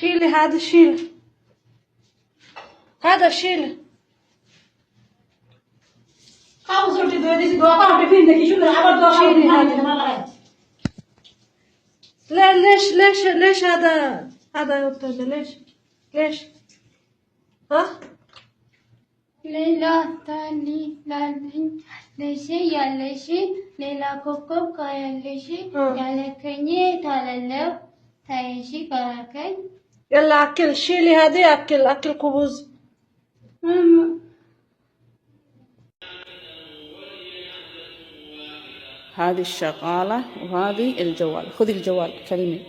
شيلي هذا شيل هذا شيل لا ليش ليش ليش هذا هذا يا ليش ليش ها ليلى تالي ليشي يا ليشي ليلى كوكو لكني آه. يالكني تالالو تايشي كالكني يلا أكل شيلي هذه أكل أكل خبز أمم. هذه الشغالة وهذه الجوال خذي الجوال كلمي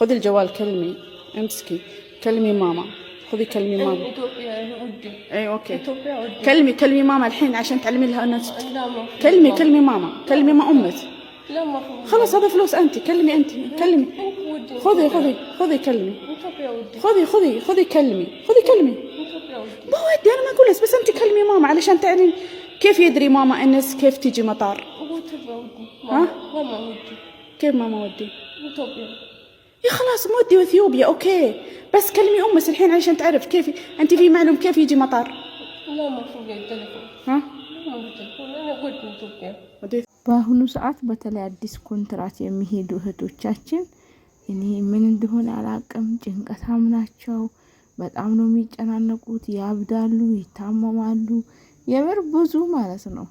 خذي الجوال كلمي امسكي كلمي ماما خذي كلمي ماما اي إيه، إيه، اوكي كلمي كلمي ماما الحين عشان تعلمي لها انها كلمي كلمي ماما كلمي ما امك خلاص هذا فلوس انت كلمي انت كلمي إيه. خذي خذي خذي كلمي خذي خذي خذي كلمي خذي كلمي ما ودي انا ما اقول بس انت كلمي ماما علشان تعرفين كيف يدري ماما انس كيف تيجي مطار ها كيف ماما ودي يا خلاص مودي اثيوبيا اوكي بس كلمي امس الحين علشان تعرف كيف انت في معلوم كيف يجي مطار ماما ها በአሁኑ ሰዓት በተለይ አዲስ ኮንትራት የሚሄዱ እህቶቻችን እኔ ምን እንደሆነ አላቅም። ጭንቀታም ናቸው። በጣም ነው የሚጨናነቁት። ያብዳሉ፣ ይታመማሉ። የምር ብዙ ማለት ነው።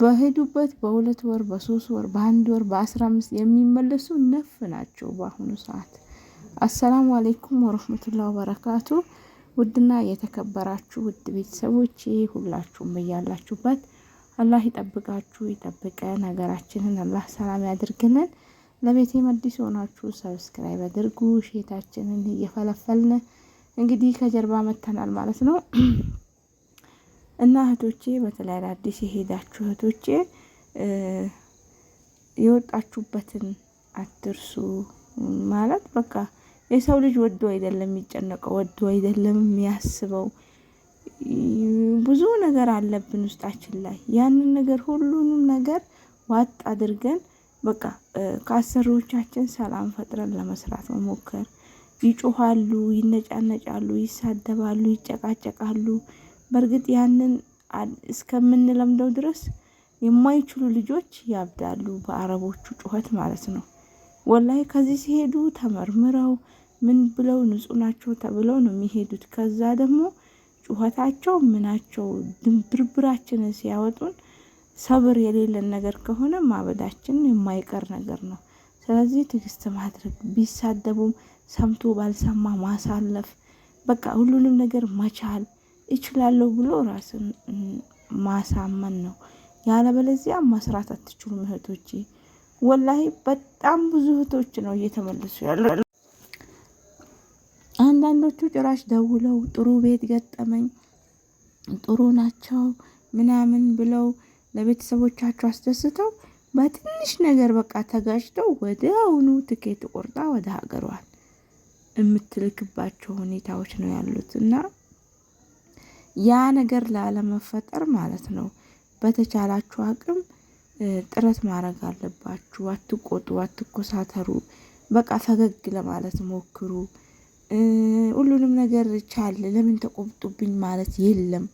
በሄዱበት በሁለት ወር፣ በሶስት ወር፣ በአንድ ወር፣ በአስራ አምስት የሚመለሱ ነፍ ናቸው በአሁኑ ሰዓት። አሰላሙ አሌይኩም ወረህመቱላ ወበረካቱ። ውድና የተከበራችሁ ውድ ቤተሰቦች ሁላችሁም በያላችሁበት አላህ ይጠብቃችሁ፣ ይጠብቀን። ሀገራችንን አላህ ሰላም ያድርግልን። ለቤቴም አዲስ ሆናችሁ ሰብስክራይብ አድርጉ። ሼታችንን እየፈለፈልን እንግዲህ ከጀርባ መተናል ማለት ነው እና እህቶቼ፣ በተለይ አዲስ የሄዳችሁ እህቶቼ የወጣችሁበትን አትርሱ ማለት በቃ የሰው ልጅ ወዶ አይደለም የሚጨነቀው፣ ወዶ አይደለም የሚያስበው። ብዙ ነገር አለብን ውስጣችን ላይ ያንን ነገር ሁሉንም ነገር ዋጥ አድርገን በቃ ከአሰሪዎቻችን ሰላም ፈጥረን ለመስራት መሞከር። ይጮኋሉ፣ ይነጫነጫሉ፣ ይሳደባሉ፣ ይጨቃጨቃሉ። በእርግጥ ያንን እስከምንለምደው ድረስ የማይችሉ ልጆች ያብዳሉ፣ በአረቦቹ ጩኸት ማለት ነው። ወላይ ከዚህ ሲሄዱ ተመርምረው ምን ብለው ንጹህ ናቸው ተብለው ነው የሚሄዱት። ከዛ ደግሞ ጩኸታቸው ምናቸው ድንብርብራችንን ሲያወጡን ሰብር የሌለን ነገር ከሆነ ማበዳችን የማይቀር ነገር ነው። ስለዚህ ትዕግስት ማድረግ፣ ቢሳደቡም ሰምቶ ባልሰማ ማሳለፍ፣ በቃ ሁሉንም ነገር መቻል እችላለሁ ብሎ ራስን ማሳመን ነው። ያለበለዚያ መስራት አትችሉም እህቶቼ። ወላሂ በጣም ብዙ እህቶች ነው እየተመለሱ ያሉ። አንዳንዶቹ ጭራሽ ደውለው ጥሩ ቤት ገጠመኝ ጥሩ ናቸው ምናምን ብለው ለቤተሰቦቻቸው አስደስተው በትንሽ ነገር በቃ ተጋጭተው ወደ አሁኑ ትኬት ቆርጣ ወደ ሀገሯል የምትልክባቸው ሁኔታዎች ነው ያሉት እና ያ ነገር ላለመፈጠር ማለት ነው በተቻላችሁ አቅም ጥረት ማድረግ አለባችሁ። አትቆጡ፣ አትኮሳተሩ። በቃ ፈገግ ለማለት ሞክሩ። ሁሉንም ነገር ቻል ለምን ተቆብጡብኝ ማለት የለም።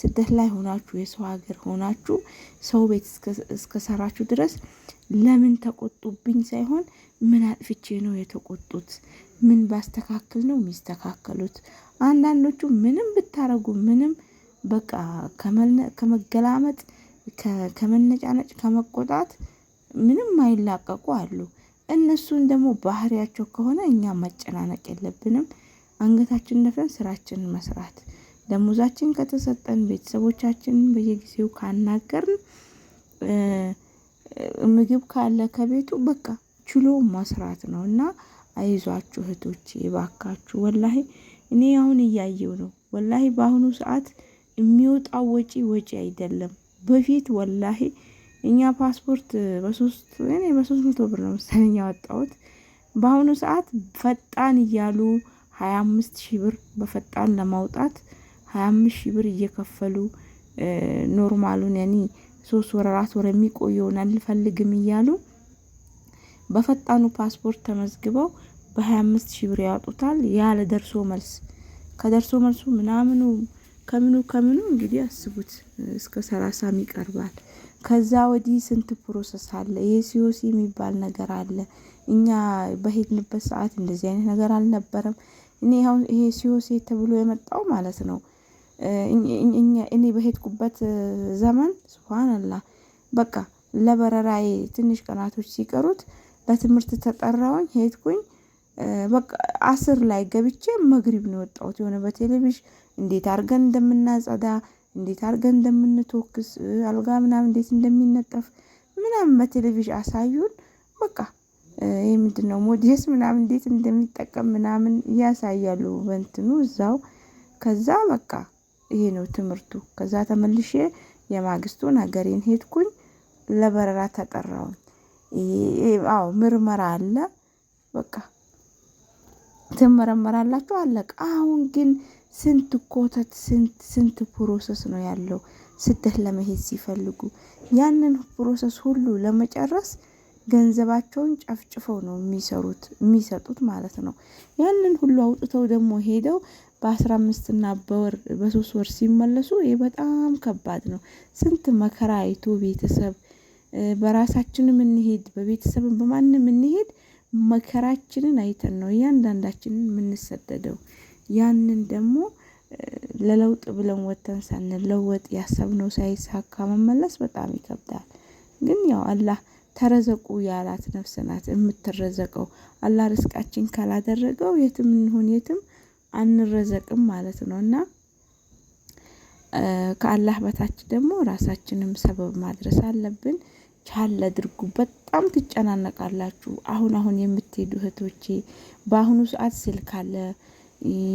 ስደት ላይ ሆናችሁ የሰው ሀገር ሆናችሁ ሰው ቤት እስከሰራችሁ ድረስ ለምን ተቆጡብኝ ሳይሆን ምን አጥፍቼ ነው የተቆጡት? ምን ባስተካክል ነው የሚስተካከሉት? አንዳንዶቹ ምንም ብታረጉ ምንም በቃ ከመገላመጥ ከመነጫነጭ ከመቆጣት ምንም አይላቀቁ አሉ። እነሱን ደግሞ ባህሪያቸው ከሆነ እኛ መጨናነቅ የለብንም። አንገታችን ደፍተን ስራችንን መስራት ደሞዛችን ከተሰጠን ቤተሰቦቻችን በየጊዜው ካናገርን ምግብ ካለ ከቤቱ በቃ ችሎ መስራት ነው። እና አይዟችሁ እህቶች ባካችሁ ወላሂ እኔ አሁን እያየው ነው ወላሂ በአሁኑ ሰዓት የሚወጣው ወጪ ወጪ አይደለም። በፊት ወላሂ እኛ ፓስፖርት በሶስት እኔ በሶስት መቶ ብር ነው መሰለኝ ያወጣሁት። በአሁኑ ሰዓት ፈጣን እያሉ ሀያ አምስት ሺህ ብር በፈጣን ለማውጣት ሀያ አምስት ሺህ ብር እየከፈሉ ኖርማሉን ያኒ ሶስት ወር አራት ወር የሚቆየውን አልፈልግም እያሉ በፈጣኑ ፓስፖርት ተመዝግበው በሀያ አምስት ሺህ ብር ያወጡታል። ያለ ደርሶ መልስ ከደርሶ መልሱ ምናምኑ ከምኑ ከምኑ እንግዲህ አስቡት እስከ ሰላሳም ይቀርባል። ከዛ ወዲህ ስንት ፕሮሰስ አለ። የሲኦሲ የሚባል ነገር አለ። እኛ በሄድንበት ሰዓት እንደዚህ አይነት ነገር አልነበረም። እኔ ይሄ ሲኦሲ ተብሎ የመጣው ማለት ነው እኔ በሄድኩበት ዘመን ሱብሃነላህ በቃ ለበረራዬ ትንሽ ቀናቶች ሲቀሩት ለትምህርት ተጠራውኝ ሄድኩኝ። በቃ አስር ላይ ገብቼ መግሪብ ነው የወጣሁት። የሆነ በቴሌቪዥን እንዴት አድርገን እንደምናጸዳ እንዴት አድርገን እንደምንቶክስ አልጋ ምናምን እንዴት እንደሚነጠፍ ምናምን በቴሌቪዥን አሳዩን። በቃ ይሄ ነው ሞዴስ ምናምን እንዴት እንደሚጠቀም ምናምን እያሳያሉ በንትኑ እዛው ከዛ በቃ ይሄ ነው ትምህርቱ። ከዛ ተመልሼ የማግስቱን ሀገሬን ሄድኩኝ። ለበረራ ተጠራውን። አዎ ምርመራ አለ። በቃ ትመረመራላችሁ፣ አለቀ። አሁን ግን ስንት ኮተት ስንት ስንት ፕሮሰስ ነው ያለው ስደት ለመሄድ ሲፈልጉ ያንን ፕሮሰስ ሁሉ ለመጨረስ ገንዘባቸውን ጨፍጭፈው ነው የሚሰሩት የሚሰጡት ማለት ነው። ያንን ሁሉ አውጥተው ደግሞ ሄደው በአስራ አምስት እና በወር በሶስት ወር ሲመለሱ ይሄ በጣም ከባድ ነው። ስንት መከራ አይቶ ቤተሰብ በራሳችንም እንሂድ በቤተሰብም በማንም እንሂድ መከራችንን አይተን ነው እያንዳንዳችንን የምንሰደደው። ያንን ደግሞ ለለውጥ ብለን ወጥተን ሳንለወጥ ያሰብነው ሳይሳካ መመለስ በጣም ይከብዳል። ግን ያው አላህ ተረዘቁ ያላት ነፍስ ናት የምትረዘቀው አላህ ርስቃችን ካላደረገው የትም እንሁን የትም አንረዘቅም ማለት ነው እና ከአላህ በታች ደግሞ ራሳችንም ሰበብ ማድረስ አለብን። ቻል አድርጉ። በጣም ትጨናነቃላችሁ። አሁን አሁን የምትሄዱ እህቶቼ በአሁኑ ሰዓት ስልክ አለ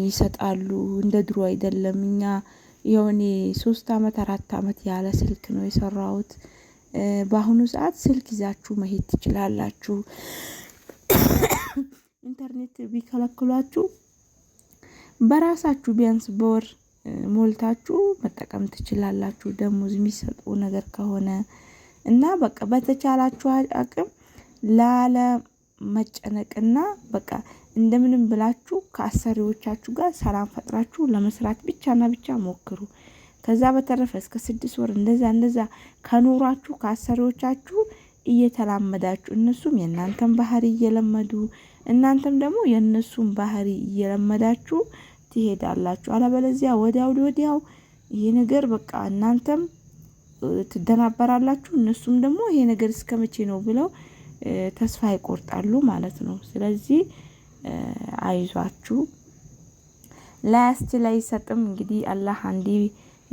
ይሰጣሉ። እንደ ድሮ አይደለም። እኛ የሆኔ ሶስት አመት አራት አመት ያለ ስልክ ነው የሰራሁት። በአሁኑ ሰዓት ስልክ ይዛችሁ መሄድ ትችላላችሁ። ኢንተርኔት ቢከለክሏችሁ በራሳችሁ ቢያንስ በወር ሞልታችሁ መጠቀም ትችላላችሁ። ደሞዝ የሚሰጡ ነገር ከሆነ እና በቃ በተቻላችሁ አቅም መጨነቅና በቃ እንደምንም ብላችሁ ከአሰሪዎቻችሁ ጋር ሰላም ፈጥራችሁ ለመስራት ብቻና ብቻ ሞክሩ። ከዛ በተረፈ እስከ ስድስት ወር እንደዛ እንደዛ ከኖሯችሁ ከአሰሪዎቻችሁ እየተላመዳችሁ እነሱም የእናንተን ባህሪ እየለመዱ እናንተም ደግሞ የእነሱን ባህሪ እየለመዳችሁ ትሄዳላችሁ። አለበለዚያ ወዲያው ወዲያው ይሄ ነገር በቃ እናንተም ትደናበራላችሁ፣ እነሱም ደግሞ ይሄ ነገር እስከ መቼ ነው ብለው ተስፋ ይቆርጣሉ ማለት ነው። ስለዚህ አይዟችሁ ላያስት ላይ ሰጥም እንግዲህ አላህ አንዲ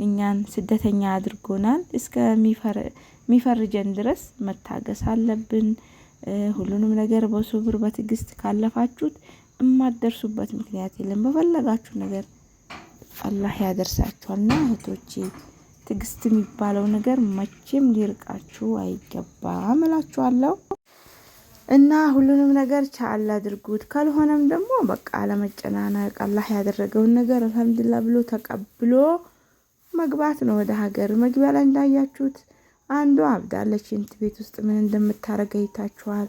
እኛን ስደተኛ አድርጎናል። እስከ ሚፈርጀን ድረስ መታገስ አለብን። ሁሉንም ነገር በሶብር በትዕግስት ካለፋችሁት እማደርሱበት ምክንያት የለም። በፈለጋችሁ ነገር አላህ ያደርሳችኋልና እህቶቼ ትዕግስት የሚባለው ነገር መቼም ሊርቃችሁ አይገባም እላችኋለሁ። እና ሁሉንም ነገር ቻል አድርጉት። ካልሆነም ደግሞ በቃ አለመጨናነቅ፣ አላህ ያደረገውን ነገር አልሐምዱሊላህ ብሎ ተቀብሎ መግባት ነው ወደ ሀገር። መግቢያ ላይ እንዳያችሁት አንዷ አብዳለች፣ ሽንት ቤት ውስጥ ምን እንደምታደርግ አይታችኋል።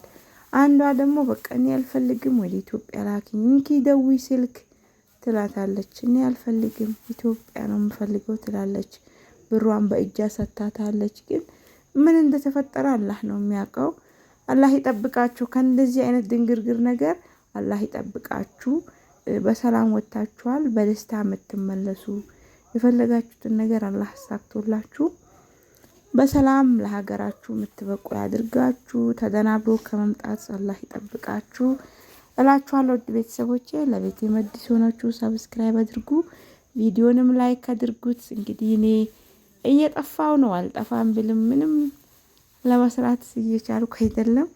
አንዷ ደግሞ በቃ እኔ አልፈልግም ወደ ኢትዮጵያ ላኪኝ እንኪ ደዊ ስልክ ትላታለች። እኔ አልፈልግም ኢትዮጵያ ነው የምፈልገው ትላለች። ብሯን በእጃ ሰታታለች። ግን ምን እንደተፈጠረ አላህ ነው የሚያውቀው። አላህ ይጠብቃችሁ ከእንደዚህ አይነት ድንግርግር ነገር አላህ ይጠብቃችሁ። በሰላም ወጥታችኋል፣ በደስታ የምትመለሱ የፈለጋችሁትን ነገር አላህ አሳክቶላችሁ በሰላም ለሀገራችሁ የምትበቁ ያድርጋችሁ። ተደናብሮ ከመምጣት አላህ ይጠብቃችሁ እላችኋለሁ። ውድ ቤተሰቦቼ ለቤት የመድስ የሆናችሁ ሰብስክራይብ አድርጉ፣ ቪዲዮንም ላይክ አድርጉት። እንግዲህ እኔ እየጠፋው ነው አልጠፋም ብልም ምንም ለመስራት እየቻልኩ አይደለም።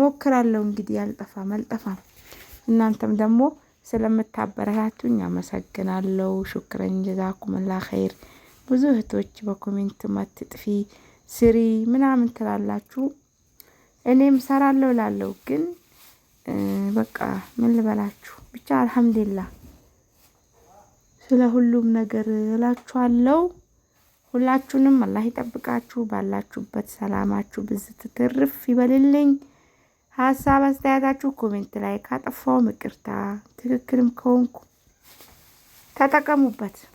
ሞክራለሁ እንግዲህ አልጠፋም አልጠፋም። እናንተም ደግሞ ስለምታበረታቱኝ አመሰግናለሁ። ሹክረን ጀዛኩምላ ኸይር ብዙ እህቶች በኮሜንት አትጥፊ ስሪ ምናምን ትላላችሁ። እኔም ሰራለሁ ላለው ግን በቃ ምን ልበላችሁ ብቻ አልሐምዱሊላ ስለ ሁሉም ነገር እላችኋለሁ። ሁላችሁንም አላህ ይጠብቃችሁ። ባላችሁበት ሰላማችሁ ብዝት ትርፍ ይበልልኝ። ሀሳብ አስተያየታችሁ ኮሜንት ላይ ካጠፋው ምቅርታ ትክክልም ከሆንኩ ተጠቀሙበት።